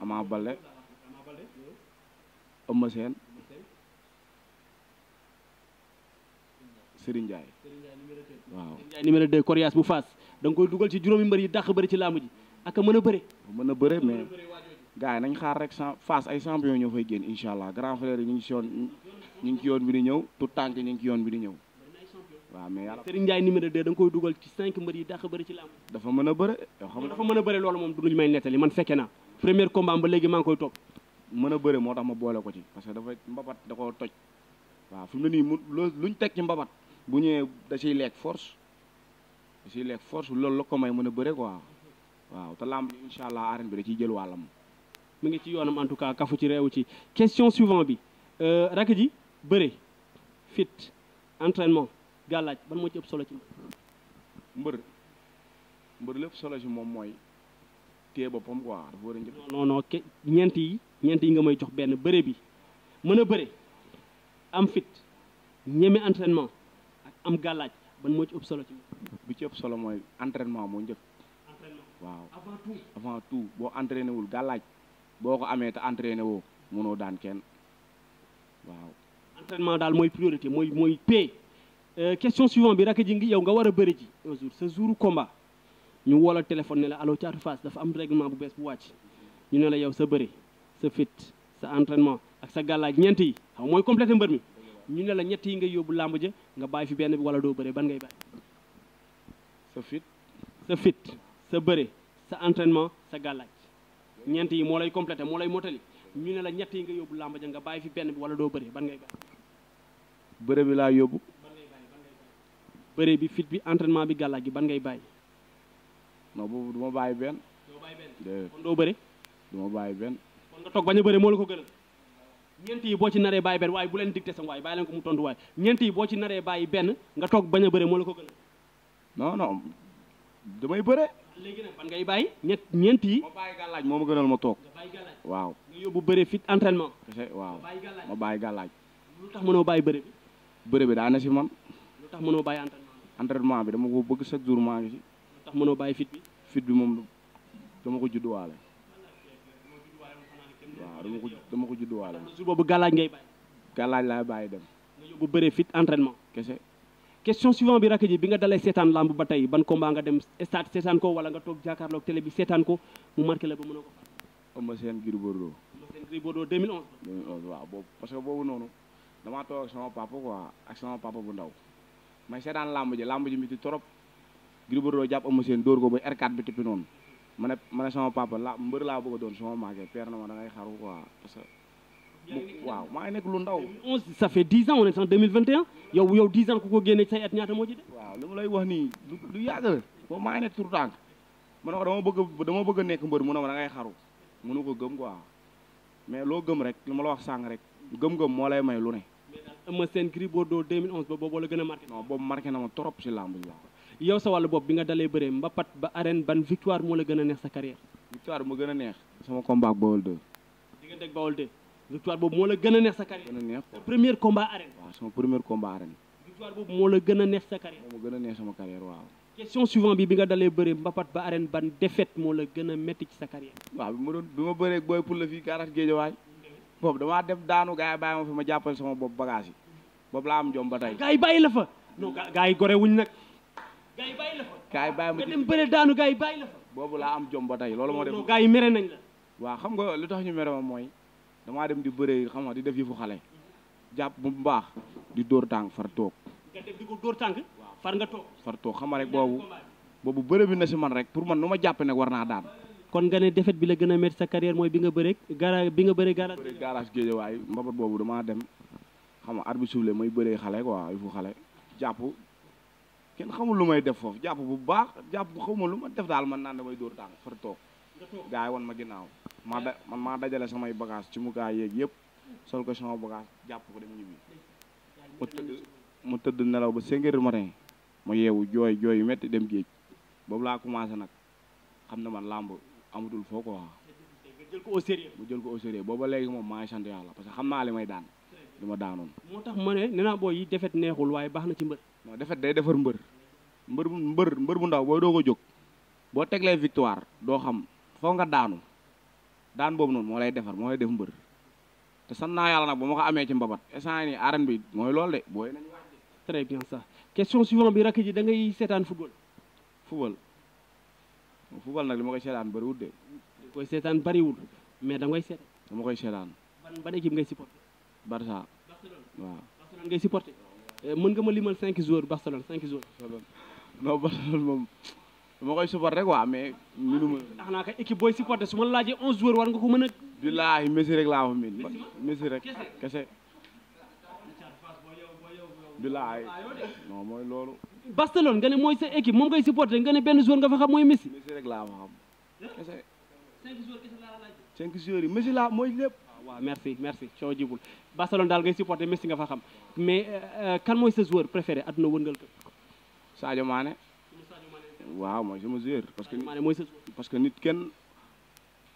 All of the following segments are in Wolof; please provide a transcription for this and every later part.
Ama Baldé Eumeu Sène Serigne Ndiaye waaw Ndiaye numéro 2 coriace bu Fass da nga koy dugal ci juróomi mbër yi dàq bëri ci laamu ji ak mën a bëre mën a bëre mais gars yi nañ xaar rek sans Fass ay champion ñoo fay génn incha grand frère yi ñu ngi ci ñu ngi ci yoon bi di ñëw tout tànk ñu ngi ci yoon bi di ñëw waaw mais yàlla Serigne Ndiaye de 2 da koy dugal ci 5 mbër yi dàq bëri ci laamu dafa mën a bëre yoo xam dafa mën a bëre loolu moom du ñu may nettali man fekke naa premier combat ba léegi maa ngi koy topp. mën a bëre moo tax ma boole ko ci parce que dafa mbabat da koo toj waaw fi ne nii mu luñ teg ci mbabat bu ñëwee da ciy force da ciy lekk force loolu la ko may mën a bëre quoi waaw te lamb incha allah arène bi da ciy jël wàllam. mu ngi ci yoonam en tout cas kafu ci réew ci question suivant bi euh, rakk ji bëre fit entraînement gàllaaj ban moo ci ëpp solo ci mbër mbër solo ci moom mooy. téye boppam quoi dafa war a njëkk. non yi nga may jox benn bëre bi mën a bëre am fit ñeme entraînement ak am gàllaaj ban moo ci ëpp solo ci. ëpp solo mooy entraînement moo njëkk. waaw avant boo entraîné wul gàllaaj boo ko amee te entraîné woo mënoo daan kenn waaw. entraînement daal mooy priorité mooy mooy paie euh, question suivante bi raka ji ngi yow nga war a ji sa jouru combat. ñu wala téléphone ne la allo Thiatou face dafa am règlement bu bees bu wacc ñu ne la yow sa bëri sa fit sa entraînement ak sa gàllaaj ñent yi xaw moy complété mbeur mi ñu ne la ñet yi nga yóbbu lamb ja nga bay fi benn bi wala do ban ngay bay sa fit sa fit sa bëre sa entraînement sa gàllaaj ñent yi mo lay complété mo lay motali ñu ne la ñet yi nga yóbbu lamb ja nga bay fi benn bi wala do ban ngay bay bëre bi la yóbbu bi fit bi entraînement bi gi ban ngay bay non boobu du ma bàyyi benn. doo bàyyi benn déedéet bàyyi benn. nga toog bañ a bëri moo la ko gënal. ñeent yi boo ci naree bàyyi benn waaye bu leen dicté sa waaye bàyyi mu tontu waaye ñeent yi boo ci naree bàyyi benn nga toog bañ a bëri moo ko gënal. non non damay bëre. léegi nag ngay bàyyi ñett ñeent yi. ma moo ma gënal ma toog. nga waaw. nga yóbbu bëre fit waaw ma bàyyi gàllaaj. tax mënoo bàyyi bëre bi. bëre bi daa na si man. lu tax mënoo bàyyi entraînement. bi dama ko bëgg chaque jour maa si tax mënoo bàyyi fit bi fit bi moom dama ko judduwaale waaw dama ko dama ko judduwaale su bu gàllaaj ngay bàyyi gàllaaj laay bàyyi dem nga yóbbu bëre fit entraînement kese question suivante bi rakk ji bi nga dalee seetaan lamb ba tey ban combat nga dem stade seetaan ko wala nga toog jàkkaarloog télé bi seetaan ko mu marqué la ba mënoo ko Eumeu Sène Gris Bordeaux Eumeu Sène Gris Bordeaux 2011 parce que boobu noonu damaa toog ak sama papa quoi ak sama papa bu ndaw may seetaan lamb ji lamb ji miti Gris Bordeaux jàpp Eumeu Sène dóor ko ba R4 bi tippi noonu ma sama papa mbër laa bëgg a doon sama maagee père na ma da xaru quoi waaw maa nekk lu ndaw. 11 ça fait 10 ans on est en 2021 ko génne say at ñaata moo ci de. waaw li ma lay wax nii lu lu la moom maa nekk tur tànk ne ko dama bëgg a nekk mbër mu ne ma da ngay xaru mënu ko gëm quoi mais loo gëm rek li ma la wax sànq rek gëm-gëm moo lay may lu ne. Eumeu Sène Gris Bordeaux 2011 ba boobu la gën a ma trop si làmb yow sa wàllu bopp bi nga dalee bëree mbapat ba arène ban victoire moo la gën a neex sa carrière a neex sama combat a neex a waaw a neex sa carrière a neex sama bi bi nga dalee bëree ba arène ban défaite moo la gën a ma doon bi ma bëree booy pour la fii kaaraat géejawaay boobu damaa dem daanu gars yi bàyyi ma fi ma jàppale sama bopp bagage yi laa am jom ba tey gars yi bàyyi la fa non gars yi gore nag gars yi bàyyi la fa gars yi bàyyi ma nga dem bëre daanu gars yi bàyyi la fa boobu laa am jom ba tey loolu moo dem gars yi mere nañ la waaw xam nga lu tax ñu mere ma mooy damaa dem di bëre xam nga di def yëfu xale jàpp bu baax di dóor tànk far toog nga def di ko dóor tànk far nga toog far toog xam nga rek boobu boobu bëre bi na si man rek pour man nu ma jàppe nag war naa daan kon nga ne défaite bi la gën a métti sa carrière mooy bi nga bëre gara bi nga bëre garage garage géejawaay mbabat boobu damaa dem xam nga arbitre bi soufflé may bëree xale quoi yëfu xale jàpp kenn xamul lu may def foofu jàpp bu baax jàpp bu xamuma lu ma def daal man naan damay dóor tànk far toog gaa yi wan ma ginnaaw ma da man maa dajale samay bagage ci mu gaa yeeg yëpp sol ko sama bagage jàpp ko dem ñibbi mu tëdd tëdd nelaw ba cinq ma du matin mu yeewu jooy jooy yu metti dem géej boobu laa commencé nag xam ne man làmb amatul foo ko wax mu jël ko au sérieux moom maa ngi sant yàlla parce que xam naa li may daan li ma daanoon moo tax ma ne naa boo yi defet neexul waaye baax na ci mbër mo defet day defar mbeur mbeur mbeur mbeur bu ndaw booy doo ko bo tek lay victoire do xam fo nga daanu daan bobu non mo lay defar mo lay def mbeur te san na yalla nak bu mako amé ci mbabat instant ni arène bi mooy loolu de boy nañu wàcc très bien ça question suivante bi rakki ji da ngay seetaan football football football nak limako ma bari wut de koy koy bari wut mais da ngay seetaan dama koy seetaan ban ban équipe ngay supporter Barça Barcelone wa Barcelone ngay supporter Euh, mën nga ma limal cinq joueurs Barcelone cinq joueurs. non Barcelone moom dama koy supporté rek waa mais. mënu ma tax ah, naa kay équipe booy supporté su war nga ko mën a. billaahi Messi rek laa ko mën Messi rek kese. billaahi non mooy loolu. Barcelone nga ne mooy sa équipe moom ngay supporté nga ne benn joueur nga fa xam mooy Messi. Messi rek laa ko yi Messi mooy lépp. waaw merci merci soo jibul Barcelone daal ngay supporter Messi nga fa xam mais euh, euh, kan mooy sa joueur préféré àdduna wëndal ko Sadio Mané waaw mooy sama joueur parce que Mané mooy sa joueur parce que nit kenn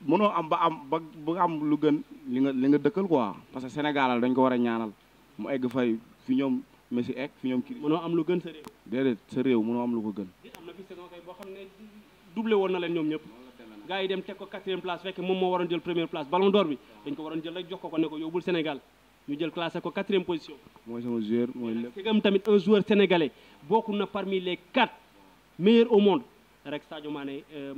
mënoo am ba am ba ba am lu gën li nga li nga dëkkal quoi parce que Sénégal dañ ko war a ñaanal mu egg fay fi ñoom Messi egg fi ñoom kii mënoo am lu gën sa réew sa réew mënoo am lu ko gën doublé woon na leen ñoom ñëpp gars yi dem teg ko place fekk première place ballon d'or bi dañ ko jël rek jox ko ko ne Sénégal ñu jël classé ko position. sama joueur mooy tamit un joueur sénégalais parmi les quatre meilleurs au monde rek Sadio Mané euh,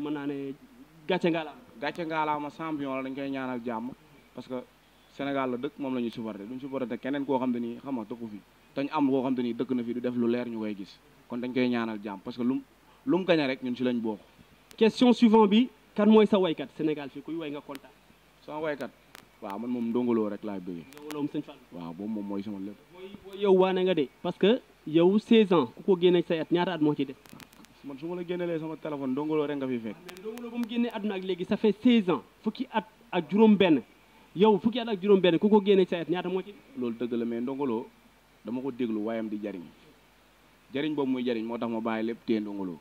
champion la dañ koy ñaanal parce que Sénégal la xam fi am xam na fi du def lu leer ñu gis kon parce que lu lu rek ñun lañ question suivant? kan mooy sa waykat Sénégal fii kuy way nga kontaan. sama waykat waa man moom ndongoloo rek laa bëggee. ndongoloo sëñ Fall. waaw boobu moom mooy sama lépp. mooy yow waane nga de parce que yow 16 ans ku ko génne say at moo ci def. su ma la génnelee sama téléphone ndongoloo rek nga fi fekk. mais ndongoloo ba mu génnee sa ak léegi ça fukki at ak juróom-benn yow fukki at ak juróom ku ko génne say ñaata moo ci def. loolu dëgg la mais ndongoloo dama ko déglu waayam di jariñ jariñ boobu mooy jariñ moo tax ma bàyyi lépp téye ndongoloo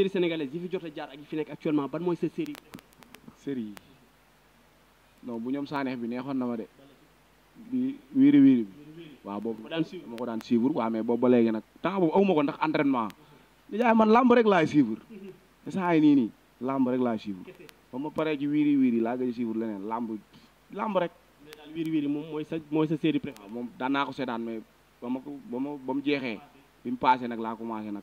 série sénégalaise yi fi jot a jaar ak yi fi nekk actuellement ban mooy sa série série yi non bu ñoom saaneex bi neexoon na ma de bi wiiri wiiri bi waaw boobu ma ko daan suivre waaw mais boobu ba léegi nag temps boobu awuma ko ndax entraînement li jaay man làmb rek laay suivre saa yi nii nii làmb rek laay suivre ba ma pare ji wiiri wiiri laa gëj a suivre leneen làmb lamb rek mais daal wiiri wiiri moom mooy sa mooy sa série préférée moom daan naa ko seetaan mais ba ma ko ba mu jeexee bi nag laa commencé nag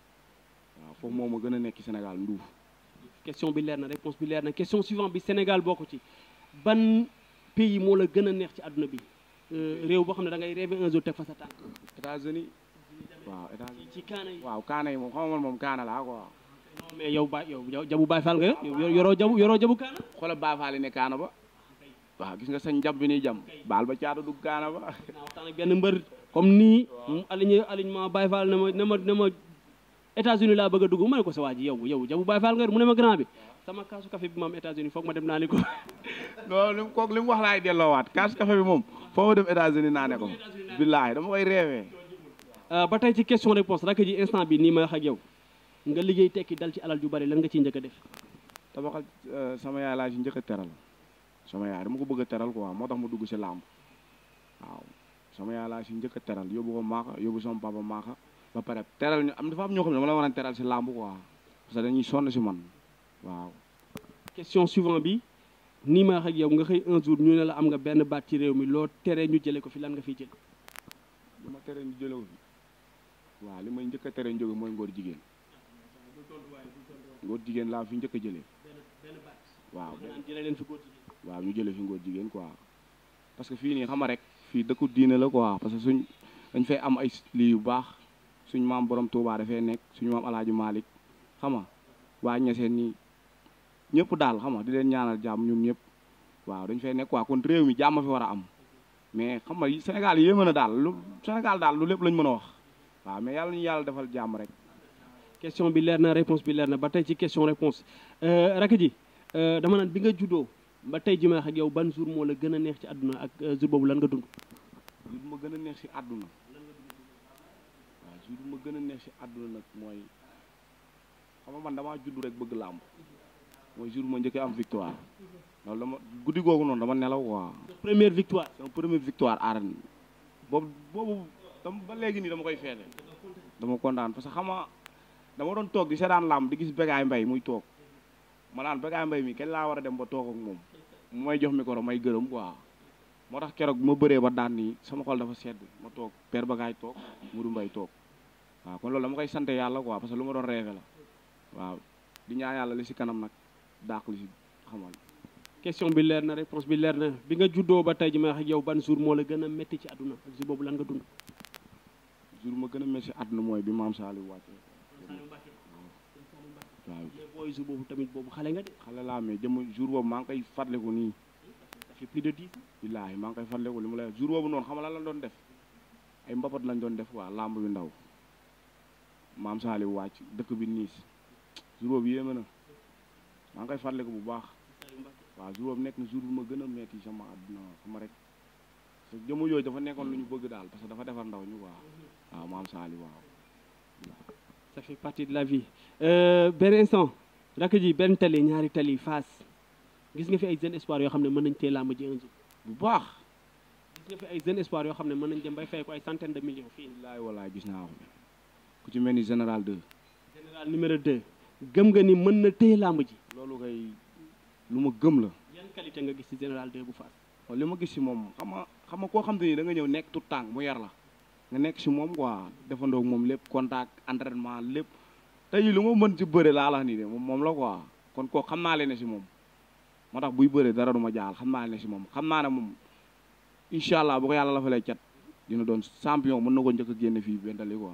Pour foofu moom ma gën Sénégal nduuf question bi leer na réponse bi leer na question suivante bi Sénégal bokk ci ban pays mo la gëna neex ci aduna bi euh rew bo xamne da ngay rêver un jour teg fa sa tank États-Unis waaw États-Unis ci kanay waaw kanay yi xam mom ma moom kaana quoi non mais yow ba yow jabu Baay Faal nga yoro jabu yoro jabu kaana xol ba fal ni ne ba waaw gis nga sañ jam bi ni jam bal ba caata dugg kaana ba waxtaan ak benn mbeur comme ni aligné alignement Baay Faal na na ma na ma États-Unis laa bëgg dugg ma ne ko sa waa ji yow yow jabu Baay Faal nga mu ne ma grand bi sama kaasu café bi ma États-Unis foog ma dem naa ko loolu lim kooku li wax laay delloowaat kaasu café bi moom foo ma dem États-Unis naa ne ko billaahi dama koy réewee euh, ba tey ci question réponse rakk ji instant bi nii ma wax ak yow nga liggéey tekki dal ci alal ju bari lan nga ciy njëkk def tabaxal euh, sama yaay laa ci njëkk teral sama yaay dama ko bëgg a teral quoi moo tax ma dugg si làmb waaw sama njëkk teral yo ko ba pare téral ñu am dafa am ñoo xam ne dama la war téral ci lamb quoi parce que dañuy sonn ci man waaw. question suivant bi ni ma wax yow nga xey un jour ñu ne la am nga benn baat ci réew mi lo téré ñu jëlé ko fi lan nga fi jël. dama téré ñu jëlee ko fi waaw li may njëkk a teree njóge mooy ngóor jigéen ngóor jigéen laa jëlé njëkk a jëlee. waaw waaw ñu jëlé fi ngor jigéen quoi parce que fi ni xama rek fi dëkku diiné la quoi parce que suñ dañ fay am ay li yu baax. suñu maam borom Touba dafee nekk suñu maam El Hadj Malick xam nga waa ñeseen nii ñëpp daal xam nga di leen ñaanal jàmm ñun ñëpp waaw dañ fay nekk waa kon réew mi jàmm fi war a am mais xam nga Sénégal yi mën a daal lu Sénégal daal lu lépp lañ mën a wax waaw mais yàlla ñu yàlla defal jàmm rek. question bi leer na réponse bi leer na ba tey ci question réponse euh, rek ji euh, dama naan bi nga juddoo ba tey ji ma wax ak yow ban jour moo la gën a neex ci àdduna ak euh, jour boobu lan nga dund. gën a neex ci àdduna. lu ma gën a neex si àdduna nag mooy xam nga man damaa juddu rek bëgg làmb mooy jour ma njëkkee am victoire loolu dama guddi googu noonu dama nelaw quoi. première victoire. sama première victoire arène boobu boobu dama ba léegi nii dama koy feete dama kontaan parce que xama dama doon toog di seetaan làmb di gis Bécaye mbay muy toog ma naan Bécaye mbay mi kañ laa war a dem ba toog ak moom mooy may jox micro may gërëm quoi moo tax keroog ma bëree ba daan nii sama xol dafa sedd ma toog Père Bécaye toog Modou Mbaye toog. waaw ah, kon loolu dama koy sante yàlla quoi parce que lu ma doon rêvé la waaw di ñaan yàlla li si kanam nag daq li si xamoon question bi leer na réponse bi leer na bi nga juddoo ba tey ji may wax ak yow ban jour moo la gën a métti ci àdduna ak si boobu lan nga dund jour ma gën a métti ci àdduna mooy bi maam Saliou wàcce waaw booy jour boobu tamit boobu xale nga de xale laa mais jëm jour boobu maa ngi koy fàttaliku nii ça plus de dix billahi maa ngi koy fàttaliku li ma lay jour boobu noonu xam nga lan la doon def ay mbapat lañ doon def waa lamb yu ndaw mam saali wacc dëkk bi niis jour bi yéeme na ma ngay koy ko bu baax wa jour bi nek na jour bu ma gën a metti sama aduna sama rek ce jëmm yoy dafa nekkon luñu bëgg dal parce que dafa défar ndaw ñu wa wa mam saali wa ça fait partie de la vie euh ben instant rak ji ben télé ñaari télé face gis nga fi ay jeunes espoir yo xam ne mën nañ té lamb ji un jour bu baax gis nga fi ay jeunes espoir yo xam ne mën nañ dem bay fay ko ay centaine de millions fii laay walaay gis na ko ku ci mel ni général 2. général numéro gëm nga ni mën na téye làmb ji. loolu kay lu ma gëm la. yan qualité nga gis si général 2 bu Fass. waaw li ma gis si moom xam nga xam nga koo xam te ni da nga ñëw nekk tout tànk mu yar la nga nekk ci moom quoi defandoo moom lépp contact entraînement lépp tey lu ma mën ci bëre laa la moom la quoi kon koo xam naa leen ne ci moom moo tax buy bëree dara du ma jaal xam naa leen ne moom xam naa ne moom incha allah bu ko yàlla la fa lay cat dina doon champion mën na ko njëkk a fii bentali quoi.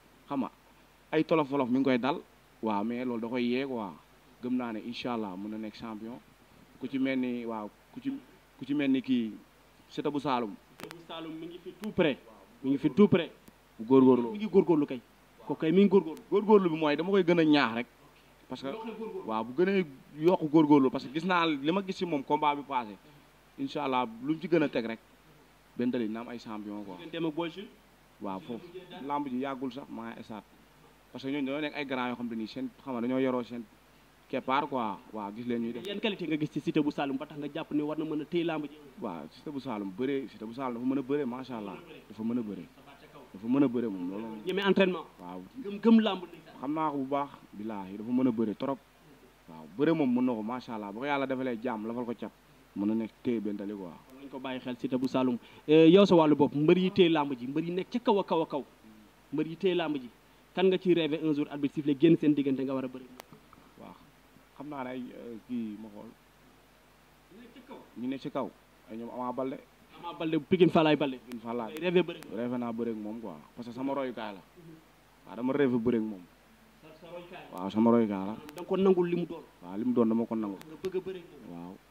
xam nga ay tolof tolof mi ngi koy dal waaw mais loolu da koy yeeg waaw gëm naa ne incha allah mun a nekk champion ku ci mel ni waaw ku ci ku ci mel ni kii Siteu bu Saalum. Siteu bu Saalum mi ngi fi tout près mi ngi fi tout près. góorgóorlu mi ngi kay. ko kay mi ngi góorgóorlu bi mooy dama koy gën a ñaax rek. parce que waaw bu gën a yokk parce que gis naa li ma gis si moom combat bi passé incha allah lu mu ci gën a teg rek benn dali na ay champion quoi. waaw foofu lamb ji yàggul sax maa esaat parce que ñooñu dañoo nekk ay grand yoo xam te ni seen xam nga dañoo yoroo seen keppaar quoi waaw gis leen ñuy def. nga gis ci Siteu bu Saloum ba tax nga jàpp ne war na mën a téye lamb ji. waaw Siteu bu Saloum bëree Siteu bu Saloum dafa mën a bëree macha allah dafa mën a bëree dafa mën a bëree moom loolu moom. ñeme entraînement. waaw gëm gëm lamb xam naa bu baax billaahi dafa mën a bëre trop waaw bëre moom mën na ko macha allah ba ko yàlla defalee jàmm lafal ko cap mën na nekk téye benn tali bàyyi xel Siteu bu Saloum eh, yow sa wàllu bopp mbër yi téye làmb ji mbër yi nekk ci kaw a kaw a kaw mbër yi téye làmb ji kan nga ci rêvé un jour arbitre sifflé génn seen diggante nga war a bëri. waaw xam naa ay eh, kii nekk ci kaw ñu nekk ci kaw ay ñoom moom quoi parce que sama royukaay la mm-hmm. waaw dama rêvé bëri ak moom. waaw sama royukaay la. da ko nangul li mu doon. waaw li doon dama ko nangul. a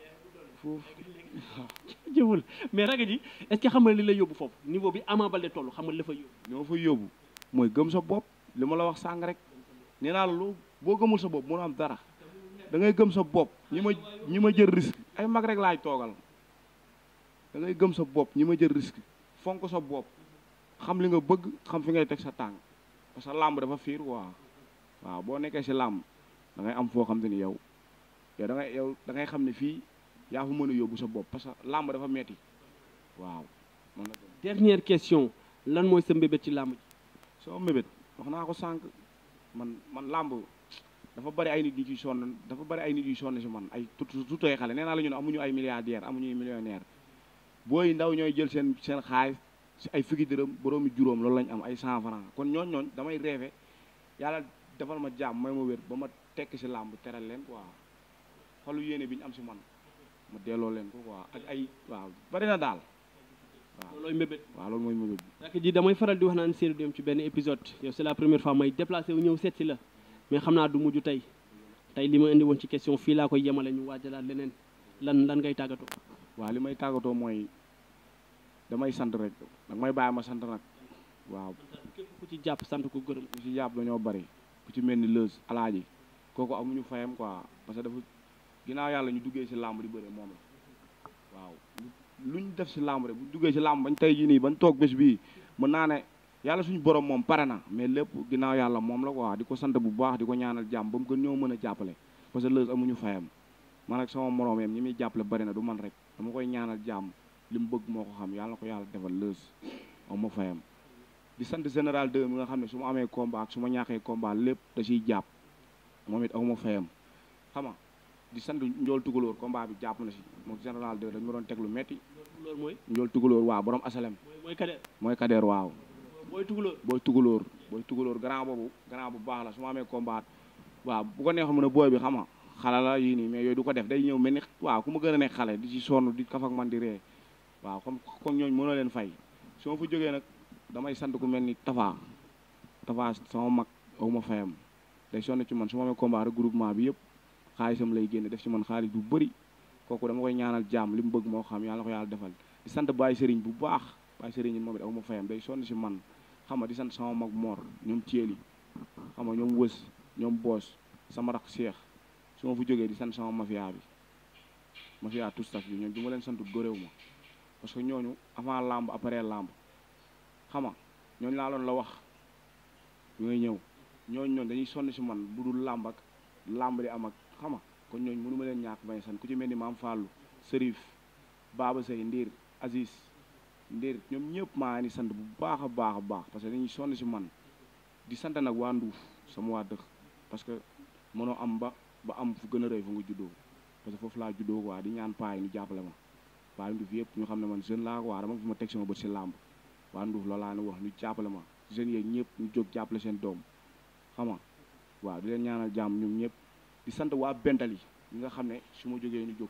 foofu jëmul mais raga ji est ce que xam nga li la yóbbu foofu niveau bi Ama Baldé toll xam nga la fa yóbbu li ma fa yóbbu mooy gëm sa bopp li ma la wax sàng rek nee naa la loo boo gëmul sa bopp mënoo am dara da ngay gëm sa bopp ñi ma ñi ma jël risque ay mag rek laay toogal da ngay gëm sa bopp ñi ma jël risque fonk sa bopp xam li nga bëgg xam fi ngay sa parce que dafa fiir da ngay am xam te yow yow da ngay yow da ngay xam ne fii yaa fa mën a yóbbu sa bopp parce que làmb dafa metti waaw. dernier question lan mooy sa mbébét ci làmb ji. soo mbébét wax naa ko sànq man man làmb dafa bari ay nit yu ciy sonn dafa bari ay nit yu si man ay tutu tutay xale nee naa la ñu ne amuñu ay milliardaire amuñu millionnaire booy ndaw ñooy jël seen seen xaalis si ay fukki dërëm boroomi juróom loolu lañ am ay cent franc kon ñooñ ñooñ damay rêvé yàlla defal ma jàmm may ma wér ba ma tekk si làmb teral leen quoi xolu yéene bi ñu am si man. ma delloo leen ko waaw ak ay waa bari na daal waa loolu mooy mébét waaw mooy mébét nak ji damay faral di wax naan séeréer dem ci benn épisode yow c'est la première fois may déplacé wu ñëw seet si la mais xam naa du mujj tey tey li ma indi woon ci question fii laa koy yemale ñu waajalaat leneen lan lan ngay tàggatoo waa li may tàggatoo mooy damay sant rek dag may bàyyi ma sant nag waaw ku ci jàpp sant ko gërëm ku ci jàpp dañoo bari ku ci mel ni lëus alaaji kooku amuñu fayam quoi parce ginnaaw yàlla ñu duggee si làmb di bëre moom la waaw lu ñu def si làmb rek bu duggee si làmb bañ tey jii nii bañ toog bis bii mën naa ne yàlla suñu borom moom pare na mais lépp ginnaaw yàlla moom la ko wax di ko sant bu baax di ko ñaanal jàmm ba mu gën ñoo mën a jàppale parce que Leuz amuñu fayam man ak sama moroom yam ñi muy jàppale bari na du man rek dama koy ñaanal jàmm li mu bëgg moo ko xam yàlla ko yàlla defal Leuz aw ma fayam di sant général 2 mi nga xam ne su ma amee combat ak ma ñàkkee combat lépp da ciy jàpp moom it ma fayam di santu njool tugalóor combat bi jàpp na si moom général de dañu ma doon teg lu metti njool tugalóor waaw borom asalem mooy kadeer waaw booy tugalóor booy tugalóor grand boobu grand bu baax la su ma amee combat waaw bu ko neexoon mu ne booy bi xam nga xale la nii mais du ko def day ñëw mel ni waaw ku ma gën a nekk xale di ci sonn di kaf ak man di ree waaw comme comme ñooñu mënoo leen fay su ma fa jógee damay sant ku mel ni Tafa Tafa mag aw ma fayam day sonn ci man su ma amee combat regroupement bi yëpp xaalisam lay génne def ci man xaalis bu bëri kooku dama koy ñaanal jàmm li mu bëgg moo xam yàlla ko yàlla defal di sant Baye Serigne bu baax Baye Serigne moom it aw fayam day sonn si man xam nga di sant sama mag Mor ñoom Thieli xam nga ñoom Wës ñoom Boos sama rax Cheikh su ma fu jógee di sant sama mafia bi mafia tout staff bi ñoom du ma leen sant góoreewu ma parce que ñooñu avant lamb après lamb xam nga ñooñu laa loon la wax ñooy ñëw ñooñu ñoon dañuy sonn si man bu dul lamb ak lamb di am ak xam nga kon ñooñu mënu ma leen ñàkk may sant ku ci mel ni maam Fallou Serif Baba Seye Ndiir Aziz Ndiir ñoom ñëpp maa ngi sant bu baax a baax a baax parce que dañuy sonn si man di sant nag waa Nduuf sama waa dëkk parce que mënoo am ba ba am fu gën a rëy fu nga juddoo parce foofu laa juddoo waa di ñaan paa yi ñu jàppale ma paa yi Nduuf yëpp ñu xam ne man jeune laa quoi dama fi ma teg sama bët si làmb waa Nduuf loolu laa ne wax ñu jàppale ma jeunes yeeg ñëpp ñu jóg jàppale seen doom xam nga waaw di leen ñaanal jàmm ñoom ñëpp di sant waa Bentali yi nga xam ne su ma jógee ñu jóg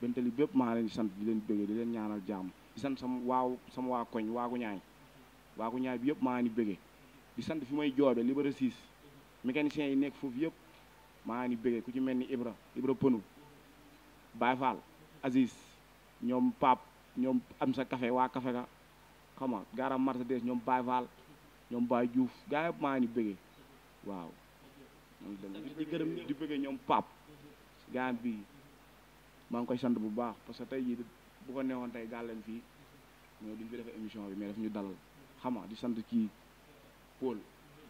Bentali bépp maa leen sant di leen bëggee di leen ñaanal jàmm di sant sama waaw sama waa koñ waagu ñaay waagu ñaay bi yëpp maa ni béggee di sant fi may joobe Liberté 6 mécaniciens yi nekk foofu yëpp maa ni bëggee ku ci mel ni Ibra Ibra Pënu Baye Fall Aziz ñoom Pape ñoom am sa café waa café ga xam nga garam Mercedes ñoom Baye Fall ñoom Baye Diouf gaa yëpp maa ni bëggee waaw di gërëm di bëggee ñoom pap gaan bi maa ngi koy sant bu baax parce que tey jii bu ko neexoon tey gàlleen fii mais duñ fi defee émission bi mais daf ñu dalal xam nga di sant kii Paul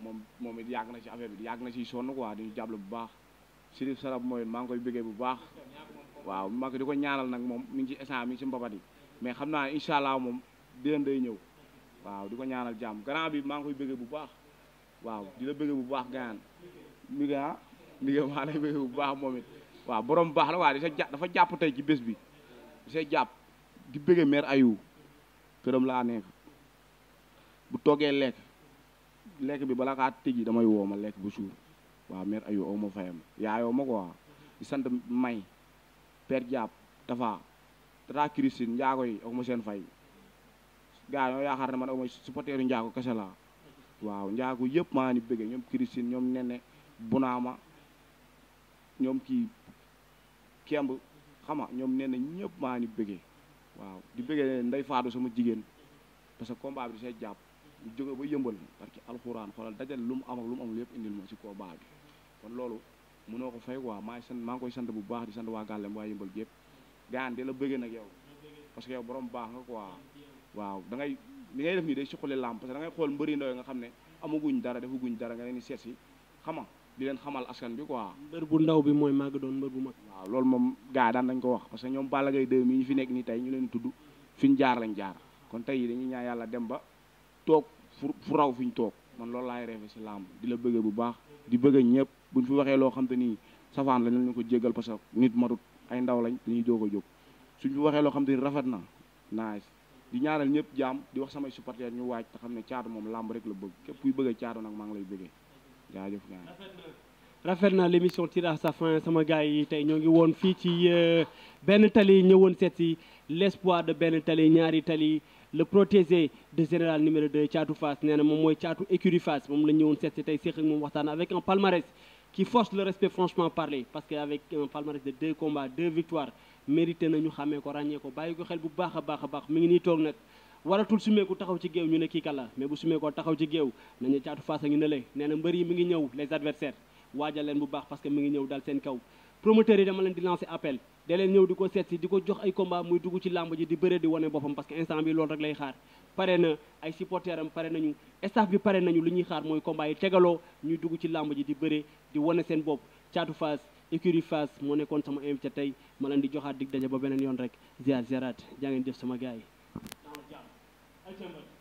moom moom it yàgg na ci affaire bi yàgg na ci sonn waa di ñu jàppale bu baax Sirif Sarab mooy maa ngi koy bëggee bu baax waaw maa ngi di ko ñaanal nag moom mi ngi ci instant mi ngi ci mbabat yi mais xam naa incha allah moom day ñëw waaw di ko ñaanal jàmm grand bi maa ngi koy bëggee bu baax waaw di la bëggee bu baax gaan mi ngi ah mi baax moom it waaw borom baax la waaw di dafa jàpp tey ci bés bi di sa jàpp di bëgge mère ayu këram laa nekk bu toggee lekk lekk bi bala kaa tëji damay woo ma lekk bu suur waaw mère ayu aw ma fayam yaayoo ma quoi di sant may père jàpp dafa tata Christine njaago yi aw ma seen fay gaa ñoo yaakaar ne man aw ma supporteeru njaago kese la waaw njaago yëpp maa ni bëgge ñoom Christine ñoom nene bunaama ñoom kii kemb xama ñoom nee na ñëpp maa ni bëggee waaw di bëggee nday faatu sama jigéen parce que combat bi di say jàpp ñu jóge ba yëmbal parce que alxuraan dajal lu mu am lu mu am indil ma si combat bi kon loolu mënoo ko fay quoi maa ngi sant bu baax di sant waa gàllem waa yëmbal gépp gaan di bëggee nag yow parce que yow borom baax nga ko waaw da ngay li ngay def nii day suqali làmb parce que da ngay xool mbëri ndaw nga xam ne amaguñ dara defaguñ dara nga leen di seet si xama di leen xamal askan bi quoi. mbër bu ndaw bi mooy màgg doon mbër bu mag. waaw loolu moom gars yi daan nañ ko wax parce que ñoom Balla gay 2 ñu fi nekk nii tey ñu leen tudd fi ñu jaar lañ jaar kon tey dañuy ñaan yàlla dem ba toog fu raw fi ñu toog man loolu laay reefe si làmb di la bëgg bu baax di bëgg ñëpp ñu fi waxee loo xam te ni safaan lañ lañ ko jéggal parce que nit matut ay ndaw lañ dañuy doog a jóg suñ fi waxee loo xam te ni rafet na nice di ñaaral ñëpp jaam di wax samay supporters ñu waaj te xam ne caatu moom làmb rek la bëgg képp kuy bëgg a nag maa ngi lay bëggee jaajëf gars yi rafet na à sa fin sama gars yi tey ñoo ngi woon fii ci ben tali ñewon setti l'espoir de ben tali ñaari tali le protégé de général numéro 2 Thiatou face néna mom moy mooy Thiatou écurie Fass moom la ñewon setti tay tey séq ak moom waxtaan avec un palmarès qui force le respect franchement parler parce que avec un palmarès de deux combats deux victoires mérité na ñu xamé ko ragné ko bàyyi ko xel bu baax a baax a baax mi ngi nii toog nag. waratul sumeeku taxaw ci géew ñu ne kii kan la mais bu sumeekoo taxaw ci géew nañu caatu faas a ngi ne nee na mbër yi mi ngi ñëw les adversaires waajal leen bu baax parce que ngi ñëw dal seen kaw promoteurs yi dama leen di lancer appel da leen ñëw di ko seet si di ko jox ay combat muy dugg ci làmb ji di bëre di wane boppam parce que instant bi loolu rek lay xaar pare na ay supporters pare nañu staff bi pare nañu li ñuy xaar mooy combat yi tegaloo ñuy dugg ci làmb ji di bëre di wane seen bopp caatu faas écurie faas moo nekkoon sama invité tey ma leen di joxaat dig daje ba beneen yoon rek ziar ziaraat jaa sama gars yi I Ajamani.